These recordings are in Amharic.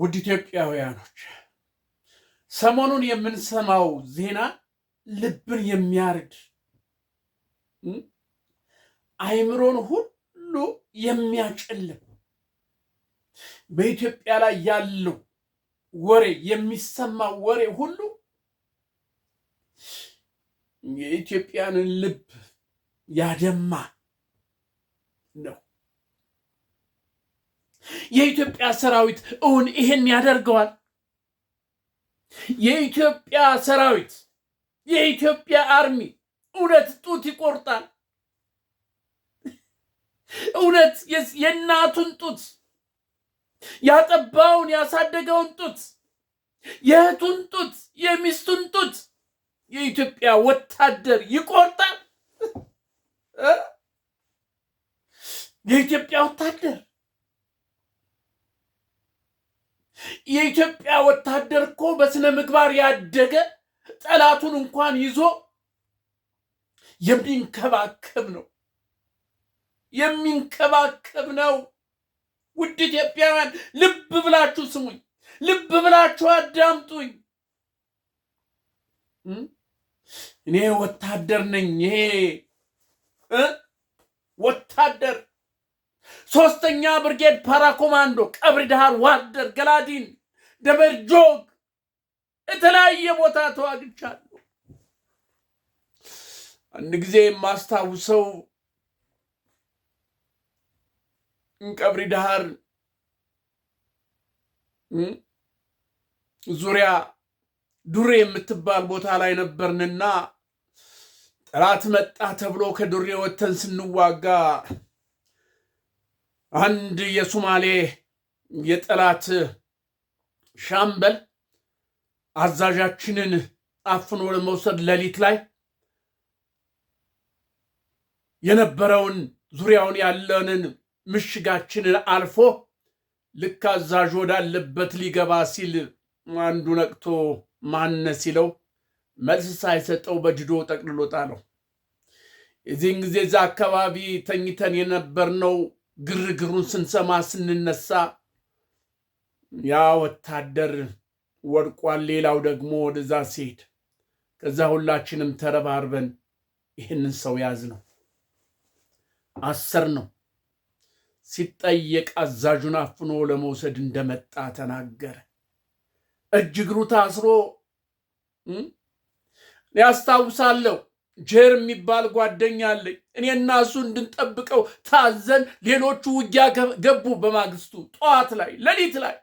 ውድ ኢትዮጵያውያኖች ሰሞኑን የምንሰማው ዜና ልብን የሚያርድ አይምሮን ሁሉ የሚያጨልም በኢትዮጵያ ላይ ያለው ወሬ የሚሰማው ወሬ ሁሉ የኢትዮጵያንን ልብ ያደማ ነው። የኢትዮጵያ ሰራዊት እውን ይህን ያደርገዋል? የኢትዮጵያ ሰራዊት የኢትዮጵያ አርሚ እውነት ጡት ይቆርጣል? እውነት የእናቱን ጡት ያጠባውን ያሳደገውን ጡት የእህቱን ጡት የሚስቱን ጡት የኢትዮጵያ ወታደር ይቆርጣል? የኢትዮጵያ ወታደር የኢትዮጵያ ወታደር እኮ በሥነ ምግባር ያደገ ጠላቱን እንኳን ይዞ የሚንከባከብ ነው የሚንከባከብ ነው። ውድ ኢትዮጵያውያን ልብ ብላችሁ ስሙኝ፣ ልብ ብላችሁ አዳምጡኝ። እኔ ወታደር ነኝ። ይሄ ወታደር ሶስተኛ ብርጌድ ፓራኮማንዶ ቀብሪ ዳሃር፣ ዋርደር፣ ገላዲን፣ ደበር ጆግ የተለያየ ቦታ ተዋግቻለሁ። አንድ ጊዜ የማስታውሰው ቀብሪ ዳሃር ዙሪያ ዱሬ የምትባል ቦታ ላይ ነበርንና ጠላት መጣ ተብሎ ከዱሬ ወተን ስንዋጋ አንድ የሱማሌ የጠላት ሻምበል አዛዣችንን አፍኖ ለመውሰድ ሌሊት ላይ የነበረውን ዙሪያውን ያለንን ምሽጋችንን አልፎ ልክ አዛዥ ወዳለበት ሊገባ ሲል አንዱ ነቅቶ ማነ ሲለው መልስ ሳይሰጠው በጅዶ ጠቅልሎጣ ነው። የዚህን ጊዜ እዛ አካባቢ ተኝተን የነበርነው ግርግሩን ስንሰማ ስንነሳ ያ ወታደር ወድቋል፣ ሌላው ደግሞ ወደዛ ሲሄድ፣ ከዛ ሁላችንም ተረባርበን ይህንን ሰው ያዝ ነው አሰር ነው። ሲጠየቅ አዛዡን አፍኖ ለመውሰድ እንደመጣ ተናገረ። እጅ እግሩ ታስሮ ያስታውሳለሁ። ጀር የሚባል ጓደኛ አለኝ። እኔና እሱ እንድንጠብቀው ታዘን፣ ሌሎቹ ውጊያ ገቡ። በማግስቱ ጠዋት ላይ ሌሊት ላይ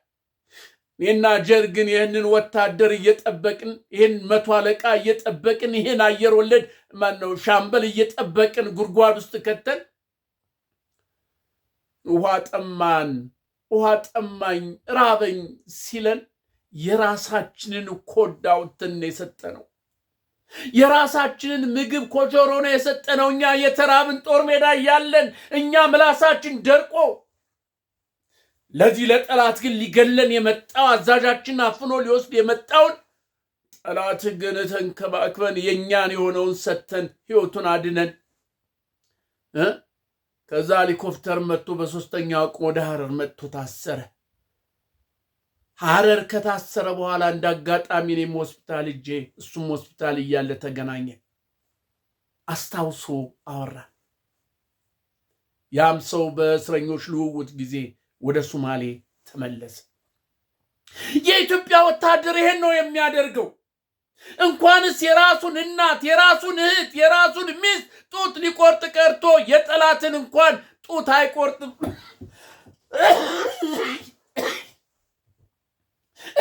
እኔና ጀር ግን ይህንን ወታደር እየጠበቅን ይህን መቶ አለቃ እየጠበቅን ይህን አየር ወለድ ማነው ሻምበል እየጠበቅን ጉድጓድ ውስጥ ከተን ውሃ ጠማን። ውሃ ጠማኝ ራበኝ ሲለን የራሳችንን ኮዳውትን የሰጠ ነው የራሳችንን ምግብ ኮቾሮ ነው የሰጠነው። እኛ የተራብን ጦር ሜዳ እያለን እኛ ምላሳችን ደርቆ፣ ለዚህ ለጠላት ግን ሊገለን የመጣው አዛዣችን አፍኖ ሊወስድ የመጣውን ጠላት ግን ተንከባክበን የእኛን የሆነውን ሰተን ሕይወቱን አድነን ከዛ ሄሊኮፕተር መጥቶ በሶስተኛው አቅሞ ወደ ሐረር መጥቶ ታሰረ። ሀረር ከታሰረ በኋላ እንደ አጋጣሚ እኔም ሆስፒታል እጄ እሱም ሆስፒታል እያለ ተገናኘ። አስታውሶ አወራ። ያም ሰው በእስረኞች ልውውጥ ጊዜ ወደ ሱማሌ ተመለሰ። የኢትዮጵያ ወታደር ይሄን ነው የሚያደርገው። እንኳንስ የራሱን እናት፣ የራሱን እህት፣ የራሱን ሚስት ጡት ሊቆርጥ ቀርቶ የጠላትን እንኳን ጡት አይቆርጥም።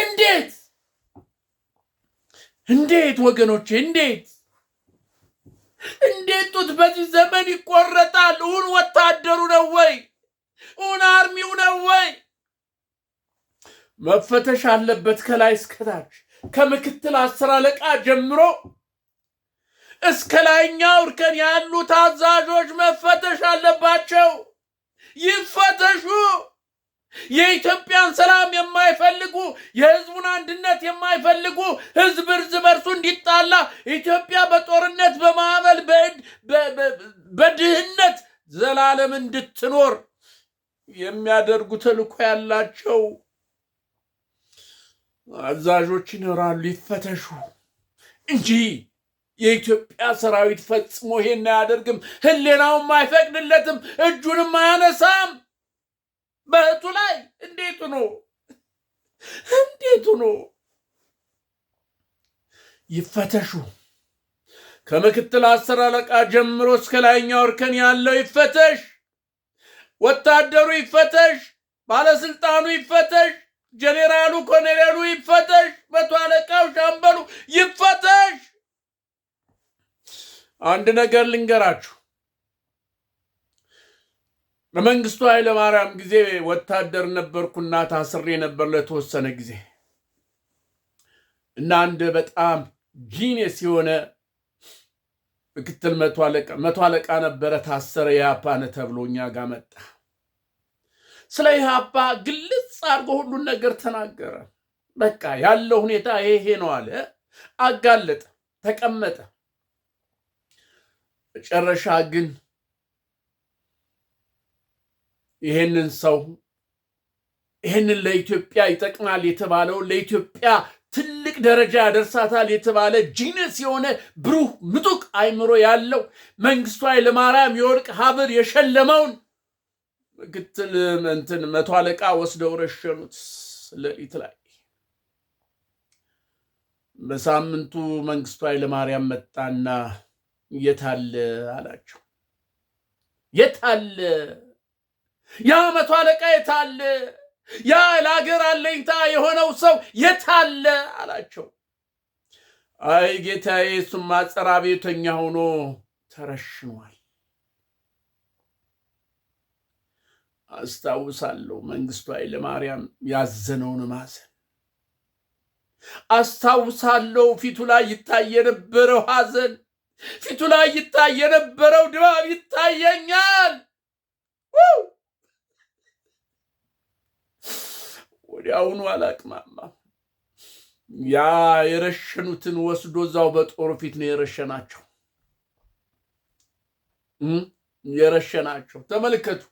እንዴት እንዴት ወገኖቼ እንዴት እንዴት ጡት በዚህ ዘመን ይቆረጣል? እውን ወታደሩ ነው ወይ? እውን አርሚው ነው ወይ? መፈተሽ አለበት ከላይ እስከታች ከምክትል አስር አለቃ ጀምሮ እስከ ላይኛው እርከን ያሉ ታዛዦች መፈተሽ አለባቸው። ይፈተሹ። የኢትዮጵያን ሰላም የማይፈልጉ የህዝቡን አንድነት የማይፈልጉ ህዝብ እርስ በርሱ እንዲጣላ ኢትዮጵያ በጦርነት በማዕበል በድህነት ዘላለም እንድትኖር የሚያደርጉ ተልእኮ ያላቸው አዛዦች ይኖራሉ። ይፈተሹ እንጂ የኢትዮጵያ ሰራዊት ፈጽሞ ይሄን አያደርግም። ህሌናውም አይፈቅድለትም። እጁንም አያነሳም። በእህቱ ላይ እንዴት ኖ እንዴት ኖ ይፈተሹ። ከምክትል አስር አለቃ ጀምሮ እስከ ላይኛው እርከን ያለው ይፈተሽ፣ ወታደሩ ይፈተሽ፣ ባለስልጣኑ ይፈተሽ፣ ጄኔራሉ፣ ኮሎኔሉ ይፈተሽ፣ መቶ አለቃው፣ ሻምበሉ ይፈተሽ። አንድ ነገር ልንገራችሁ በመንግስቱ ኃይለማርያም ጊዜ ወታደር ነበርኩና ታስሬ ነበር ለተወሰነ ጊዜ እና አንድ በጣም ጂኔስ የሆነ ምክትል መቶ አለቃ ነበረ ታሰረ። የሀፓ ተብሎ እኛ ጋር መጣ። ስለ የሀፓ ግልጽ አድርጎ ሁሉን ነገር ተናገረ። በቃ ያለው ሁኔታ ይሄ ነው አለ። አጋለጠ፣ ተቀመጠ። መጨረሻ ግን ይህንን ሰው ይህንን ለኢትዮጵያ ይጠቅማል የተባለው ለኢትዮጵያ ትልቅ ደረጃ ያደርሳታል የተባለ ጂነስ የሆነ ብሩህ ምጡቅ አይምሮ ያለው መንግስቱ ኃይለማርያም የወርቅ ሀብር የሸለመውን ምክትል እንትን መቶ አለቃ ወስደው ረሸኑት። ሌሊት ላይ በሳምንቱ መንግስቱ ኃይለማርያም መጣና የታለ አላቸው የታለ ያ መቶ አለቃ የታለ? ያ ለአገር አለኝታ የሆነው ሰው የታለ አላቸው። አይ ጌታዬ፣ እሱማ ጸራ ቤተኛ ሆኖ ተረሽኗል። አስታውሳለሁ መንግስቱ ኃይለማርያም ያዘነውን ማዘን አስታውሳለሁ። ፊቱ ላይ ይታይ የነበረው ሐዘን፣ ፊቱ ላይ ይታይ የነበረው ድባብ ይታየኛል። ወዲያውኑ አላቅማማ። ያ የረሸኑትን ወስዶ እዛው በጦሩ ፊት ነው የረሸናቸው የረሸናቸው። ተመልከቱ።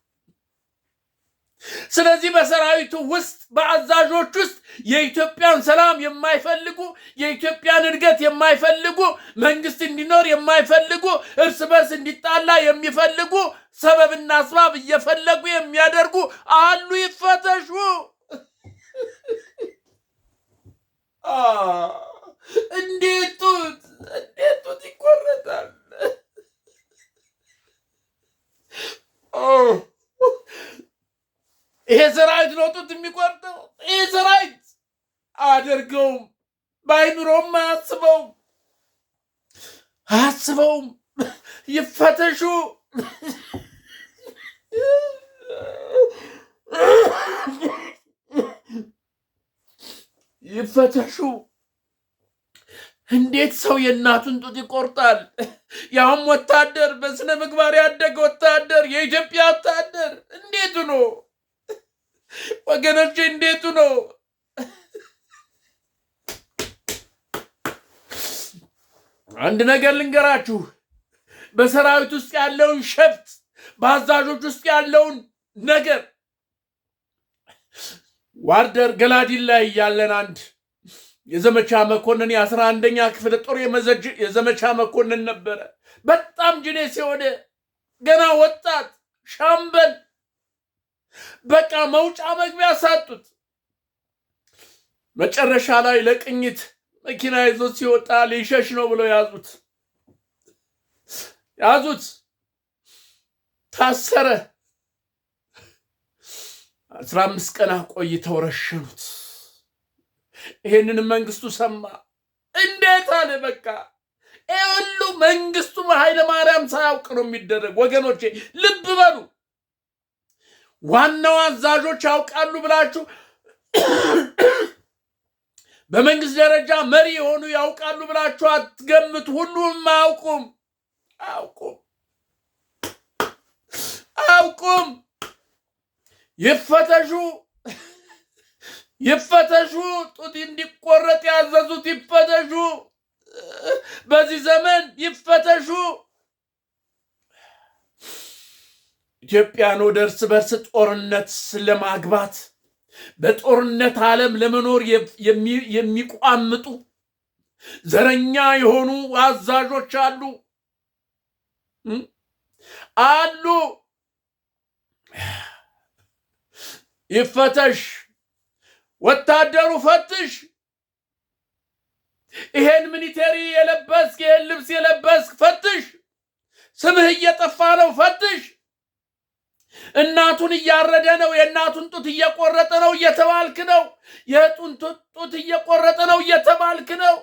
ስለዚህ በሰራዊቱ ውስጥ በአዛዦች ውስጥ የኢትዮጵያን ሰላም የማይፈልጉ የኢትዮጵያን እድገት የማይፈልጉ መንግስት እንዲኖር የማይፈልጉ እርስ በርስ እንዲጣላ የሚፈልጉ ሰበብና አስባብ እየፈለጉ የሚያደርጉ አሉ። ይፈተሹ። እንዴት ጡት እንዴት ጡት ይቆረጣል? ይሄ ሰራዊት ነው ጡት የሚቆርጠው። ይሄ ሰራዊት አያደርገውም፣ ባይኑሮም አያስበውም አያስበውም። ይፈተሹ ይፈተሹ። እንዴት ሰው የእናቱን ጡት ይቆርጣል? ያውም ወታደር፣ በስነ ምግባር ያደገ ወታደር፣ የኢትዮጵያ ወታደር። እንዴቱ ነው ወገኖቼ? እንዴቱ ነው? አንድ ነገር ልንገራችሁ። በሰራዊት ውስጥ ያለውን ሸፍት፣ በአዛዦች ውስጥ ያለውን ነገር ዋርደር ገላዲን ላይ ያለን አንድ የዘመቻ መኮንን የአስራ አንደኛ ክፍለ ጦር የመዘጅ የዘመቻ መኮንን ነበረ። በጣም ጅኔስ የወደ ገና ወጣት ሻምበል በቃ መውጫ መግቢያ ሳጡት። መጨረሻ ላይ ለቅኝት መኪና ይዞት ሲወጣ ሊሸሽ ነው ብለው ያዙት ያዙት ታሰረ። አስራ አምስት ቀናት ቆይተው ረሸኑት። ይሄንን መንግስቱ ሰማ። እንዴት አለ በቃ ይህ ሁሉ መንግስቱ ኃይለ ማርያም ሳያውቅ ነው የሚደረግ። ወገኖቼ ልብ በሉ። ዋናው አዛዦች ያውቃሉ ብላችሁ በመንግስት ደረጃ መሪ የሆኑ ያውቃሉ ብላችሁ አትገምቱ። ሁሉም አያውቁም አያውቁም አያውቁም። ይፈተሹ ይፈተሹ፣ ጡት እንዲቆረጥ ያዘዙት ይፈተሹ፣ በዚህ ዘመን ይፈተሹ። ኢትዮጵያን ወደ እርስ በርስ ጦርነት ለማግባት በጦርነት ዓለም ለመኖር የሚቋምጡ ዘረኛ የሆኑ አዛዦች አሉ አሉ ይፈተሽ፣ ወታደሩ ፈትሽ። ይሄን ሚኒቴሪ የለበስክ ይሄን ልብስ የለበስክ ፈትሽ። ስምህ እየጠፋ ነው ፈትሽ። እናቱን እያረደ ነው፣ የእናቱን ጡት እየቆረጠ ነው እየተባልክ ነው። የጡን ጡት እየቆረጠ ነው እየተባልክ ነው።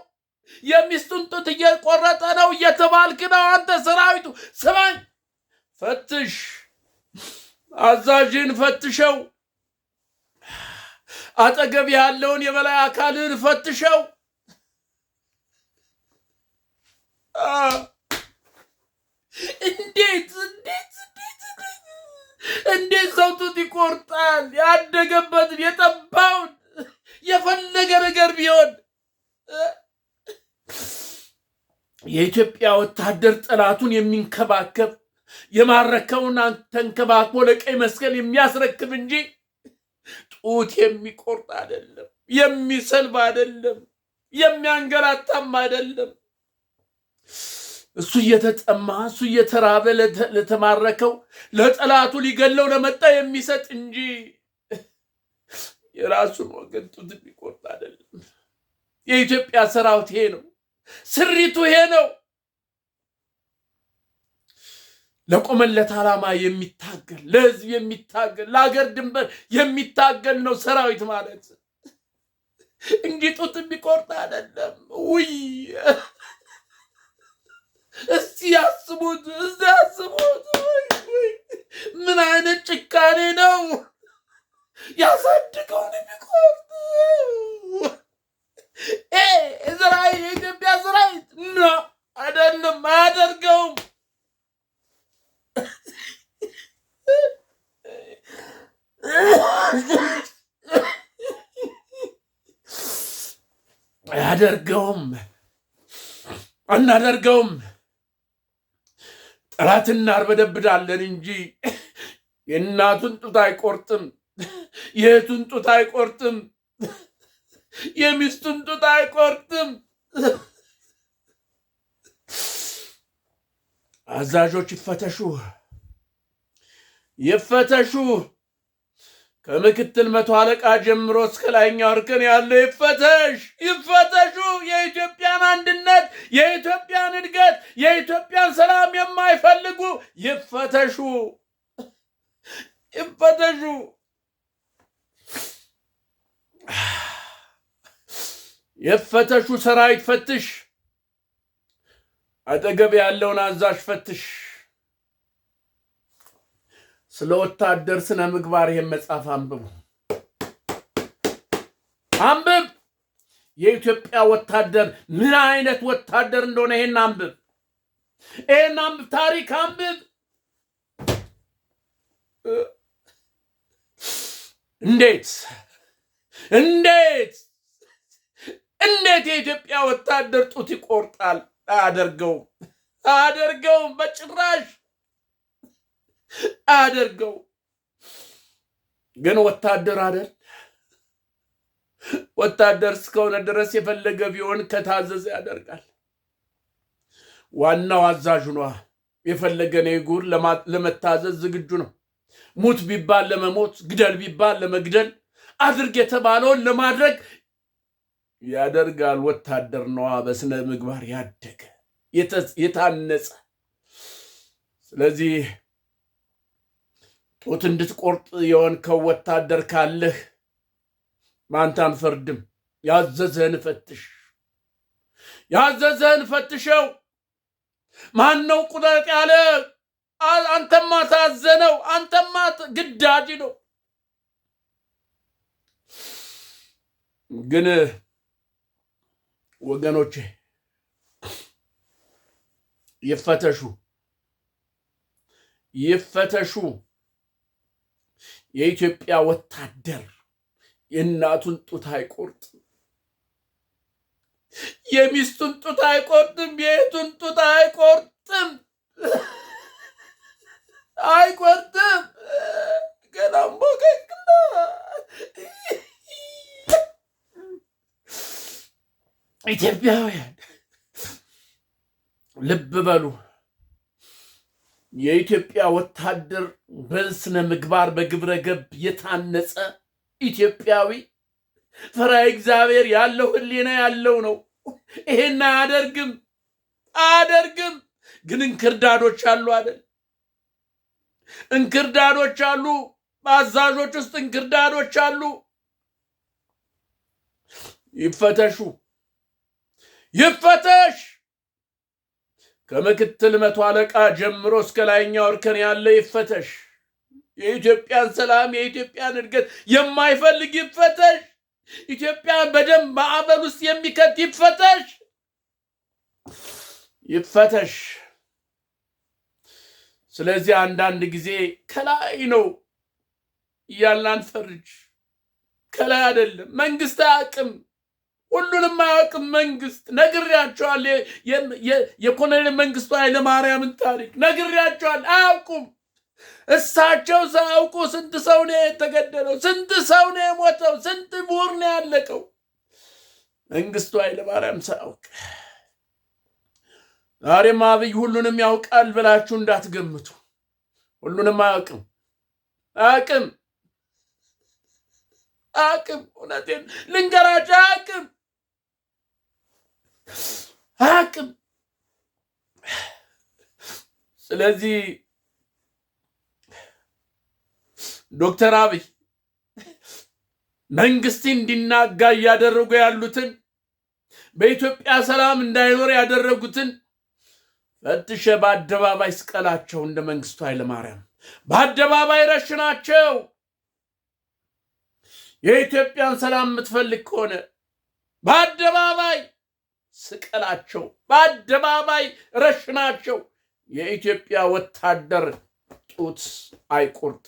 የሚስቱን ጡት እየቆረጠ ነው እየተባልክ ነው። አንተ ሰራዊቱ ስማኝ፣ ፈትሽ። አዛዥን ፈትሸው አጠገብ ያለውን የበላይ አካልን ፈትሸው እንዴት እንዴት እንዴት ሰው ጡት ይቆርጣል? ያደገበትን የጠባውን የፈለገ ነገር ቢሆን የኢትዮጵያ ወታደር ጠላቱን የሚንከባከብ የማረከውን ተንከባክቦ ለቀይ መስቀል የሚያስረክብ እንጂ ጡት የሚቆርጥ አይደለም፣ የሚሰልብ አይደለም፣ የሚያንገላታም አይደለም። እሱ እየተጠማ እሱ እየተራበ ለተማረከው ለጠላቱ ሊገለው ለመጣ የሚሰጥ እንጂ የራሱን ወገን ጡት የሚቆርጥ አይደለም። የኢትዮጵያ ሰራዊት ይሄ ነው፣ ስሪቱ ይሄ ነው። ለቆመለት ዓላማ የሚታገል ለህዝብ የሚታገል ለሀገር ድንበር የሚታገል ነው ሰራዊት ማለት። እንዲህ ጡት የሚቆርጥ አይደለም። ውይ እስቲ ያስቡት፣ እስቲ ያስቡት። ምን አይነት ጭካኔ ነው! ያሳድገውን የሚቆርጥ የኢትዮጵያ ዘራይት አደለም አይደለም፣ አያደርገውም አያደርገውም፣ አናደርገውም። ጠላት እናርበደብዳለን እንጂ የእናቱን ጡት አይቆርጥም፣ የእህቱን ጡት አይቆርጥም፣ የሚስቱን ጡት አይቆርጥም። አዛዦች ይፈተሹ ይፈተሹ። ከምክትል መቶ አለቃ ጀምሮ እስከ ላይኛው እርከን ያለው ይፈተሽ ይፈተሹ። የኢትዮጵያን አንድነት፣ የኢትዮጵያን እድገት፣ የኢትዮጵያን ሰላም የማይፈልጉ ይፈተሹ ይፈተሹ። የፈተሹ ሰራዊት ፈትሽ አጠገብ ያለውን አዛዥ ፈትሽ። ስለ ወታደር ስነ ምግባር ይህን መጽሐፍ አንብቡ፣ አንብብ። የኢትዮጵያ ወታደር ምን አይነት ወታደር እንደሆነ ይህን አንብብ፣ ይህን አንብብ፣ ታሪክ አንብብ። እንዴት እንዴት እንዴት የኢትዮጵያ ወታደር ጡት ይቆርጣል? አያደርገውም አያደርገውም በጭራሽ አያደርገው። ግን ወታደር አደል ወታደር እስከሆነ ድረስ የፈለገ ቢሆን ከታዘዘ ያደርጋል። ዋናው አዛዡ ነ የፈለገ ነው ይጉር ለመታዘዝ ዝግጁ ነው። ሙት ቢባል ለመሞት፣ ግደል ቢባል ለመግደል፣ አድርግ የተባለውን ለማድረግ ያደርጋል። ወታደር ነዋ፣ በስነ ምግባር ያደገ የታነጸ። ስለዚህ ጡት እንድትቆርጥ የሆንከው ወታደር ካለህ ማንታን ፈርድም ያዘዘህን ፈትሽ፣ ያዘዘህን ፈትሸው። ማን ነው ቁጠጥ ያለ? አንተማ ታዘነው፣ አንተማ ግዳጅ ነው ግን ወገኖቼ ይፈተሹ ይፈተሹ። የኢትዮጵያ ወታደር የእናቱን ጡት አይቆርጥም፣ የሚስቱን ጡት አይቆርጥም፣ የቱን ጡት አይቆርጥም አይቆርጥም ገናም ኢትዮጵያውያን ልብ በሉ። የኢትዮጵያ ወታደር በስነ ምግባር በግብረ ገብ የታነጸ ኢትዮጵያዊ ፈሪሃ እግዚአብሔር ያለው ሕሊና ያለው ነው። ይሄን አያደርግም አያደርግም። ግን እንክርዳዶች አሉ አይደል? እንክርዳዶች አሉ። በአዛዦች ውስጥ እንክርዳዶች አሉ። ይፈተሹ። ይፈተሽ። ከምክትል መቶ አለቃ ጀምሮ እስከ ላይኛው እርከን ያለ ይፈተሽ። የኢትዮጵያን ሰላም፣ የኢትዮጵያን እድገት የማይፈልግ ይፈተሽ። ኢትዮጵያ በደም ማዕበል ውስጥ የሚከት ይፈተሽ፣ ይፈተሽ። ስለዚህ አንዳንድ ጊዜ ከላይ ነው እያልን አንፈርጅ። ከላይ አይደለም መንግስት አቅም ሁሉንም አያውቅም መንግስት። ነግሬያቸዋለሁ፣ የኮሎኔል መንግስቱ ኃይለማርያምን ታሪክ ነግሬያቸዋለሁ። አያውቁም። እሳቸው ሳያውቁ ስንት ሰው ነው የተገደለው? ስንት ሰው ነው የሞተው? ስንት ምሁር ነው ያለቀው? መንግስቱ ኃይለማርያም ሳያውቅ። ዛሬም አብይ ሁሉንም ያውቃል ብላችሁ እንዳትገምቱ። ሁሉንም አያውቅም። አያውቅም አያውቅም። እውነቴን ልንገራችሁ አያውቅም። አያውቅም። ስለዚህ ዶክተር አብይ መንግስት እንዲናጋ እያደረጉ ያሉትን በኢትዮጵያ ሰላም እንዳይኖር ያደረጉትን ፈትሸ በአደባባይ ስቀላቸው፣ እንደ መንግስቱ ኃይለማርያም በአደባባይ ረሽናቸው። የኢትዮጵያን ሰላም የምትፈልግ ከሆነ በአደባባይ ስቀላቸው፣ በአደባባይ ረሽናቸው። የኢትዮጵያ ወታደር ጡት አይቁርጥ።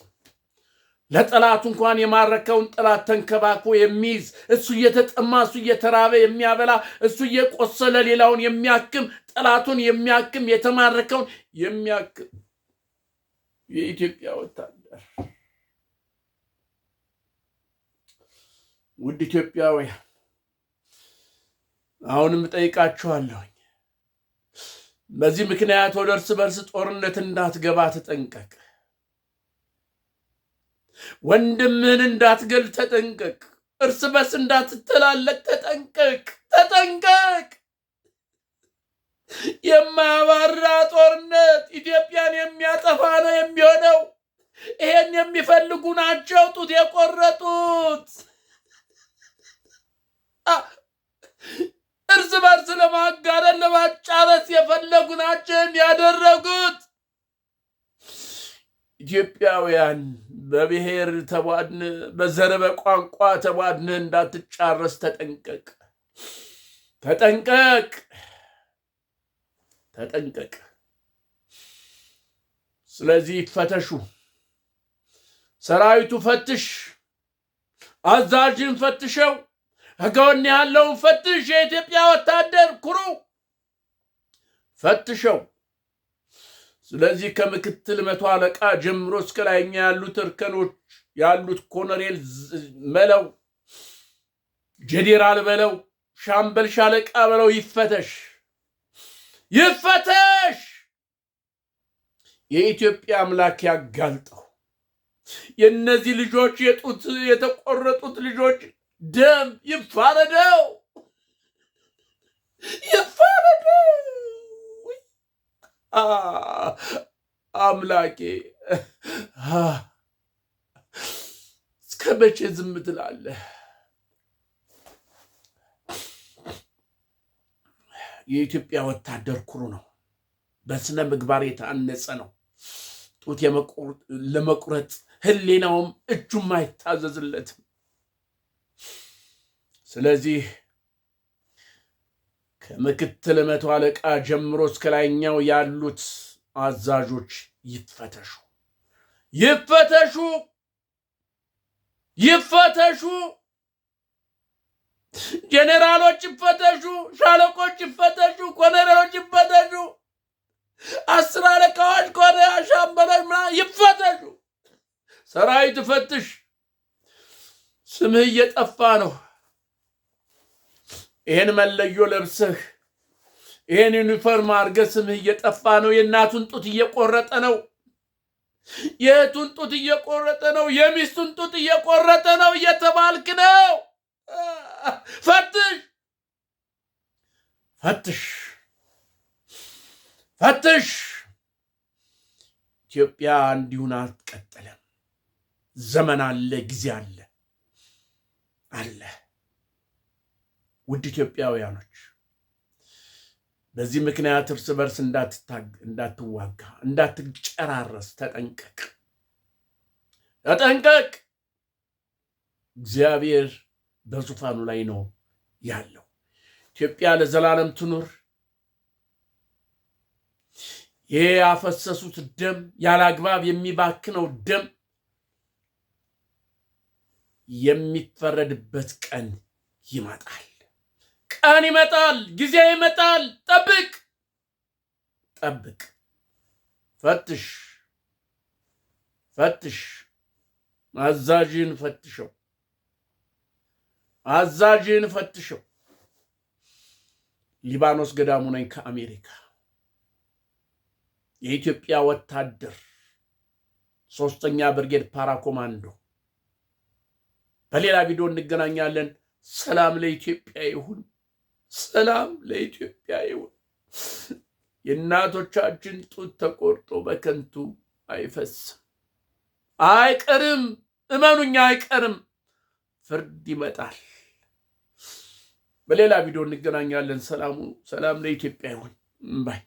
ለጠላቱ እንኳን የማረከውን ጠላት ተንከባክቦ የሚይዝ እሱ እየተጠማ እሱ እየተራበ የሚያበላ እሱ እየቆሰለ ሌላውን የሚያክም ጠላቱን የሚያክም የተማረከውን የሚያክም የኢትዮጵያ ወታደር ውድ ኢትዮጵያውያን አሁንም እጠይቃችኋለሁኝ በዚህ ምክንያት ወደ እርስ በርስ ጦርነት እንዳትገባ ተጠንቀቅ። ወንድምህን እንዳትገል ተጠንቀቅ። እርስ በርስ እንዳትተላለቅ ተጠንቀቅ፣ ተጠንቀቅ። የማያባራ ጦርነት ኢትዮጵያን የሚያጠፋ ነው የሚሆነው። ይሄን የሚፈልጉ ናቸው ጡት የቆረጡት። እርስ በርስ ለማጋደል ለማጫረስ የፈለጉ ናቸው ያደረጉት። ኢትዮጵያውያን በብሔር ተቧድን፣ በዘር በቋንቋ ተቧድን እንዳትጫረስ ተጠንቀቅ፣ ተጠንቀቅ፣ ተጠንቀቅ። ስለዚህ ፈተሹ፣ ሰራዊቱ ፈትሽ፣ አዛዥን ፈትሸው ከጎን ያለውን ፈትሽ። የኢትዮጵያ ወታደር ኩሩ ፈትሸው። ስለዚህ ከምክትል መቶ አለቃ ጀምሮ እስከ ላይኛ ያሉት እርከኖች ያሉት ኮሎኔል መለው፣ ጄኔራል በለው፣ ሻምበል ሻለቃ በለው ይፈተሽ ይፈተሽ። የኢትዮጵያ አምላክ ያጋልጠው። የእነዚህ ልጆች የጡት የተቆረጡት ልጆች ደም ይፋረደው ይፋረደው። አምላኬ እስከ መቼ ዝም ትላለህ? የኢትዮጵያ ወታደር ኩሩ ነው። በስነ ምግባር የታነጸ ነው። ጡት ለመቁረጥ ህሌናውም እጁም አይታዘዝለትም። ስለዚህ ከምክትል መቶ አለቃ ጀምሮ እስከ ላይኛው ያሉት አዛዦች ይፈተሹ ይፈተሹ ይፈተሹ። ጄኔራሎች ይፈተሹ፣ ሻለቆች ይፈተሹ፣ ኮሎኔሎች ይፈተሹ፣ አስር አለቃዎች ከሆነ ሻምበሎች ምናምን ይፈተሹ። ሰራዊት ፈትሽ፣ ስምህ እየጠፋ ነው። ይህን መለዮ ለብሰህ ይህን ዩኒፎርም አድርገህ ስምህ እየጠፋ ነው። የእናቱን ጡት እየቆረጠ ነው። የእህቱን ጡት እየቆረጠ ነው። የሚስቱን ጡት እየቆረጠ ነው እየተባልክ ነው። ፈትሽ ፈትሽ ፈትሽ። ኢትዮጵያ እንዲሁን አትቀጥለም። ዘመን አለ፣ ጊዜ አለ አለ ውድ ኢትዮጵያውያኖች በዚህ ምክንያት እርስ በርስ እንዳትዋጋ፣ እንዳትጨራረስ ተጠንቀቅ፣ ተጠንቀቅ። እግዚአብሔር በዙፋኑ ላይ ነው ያለው። ኢትዮጵያ ለዘላለም ትኑር። ይሄ ያፈሰሱት ደም ያለ አግባብ የሚባክነው ደም የሚፈረድበት ቀን ይመጣል። ቀን ይመጣል፣ ጊዜ ይመጣል። ጠብቅ ጠብቅ፣ ፈትሽ ፈትሽ፣ አዛዥን ፈትሸው፣ አዛዥን ፈትሸው። ሊባኖስ ገዳሙ ነኝ ከአሜሪካ የኢትዮጵያ ወታደር ሶስተኛ ብርጌድ ፓራ ኮማንዶ። በሌላ ቪዲዮ እንገናኛለን። ሰላም ለኢትዮጵያ ይሁን። ሰላም ለኢትዮጵያ ይሁን። የእናቶቻችን ጡት ተቆርጦ በከንቱ አይፈስም፣ አይቀርም። እመኑኛ አይቀርም። ፍርድ ይመጣል። በሌላ ቪዲዮ እንገናኛለን። ሰላሙ ሰላም ለኢትዮጵያ ይሁን ባይ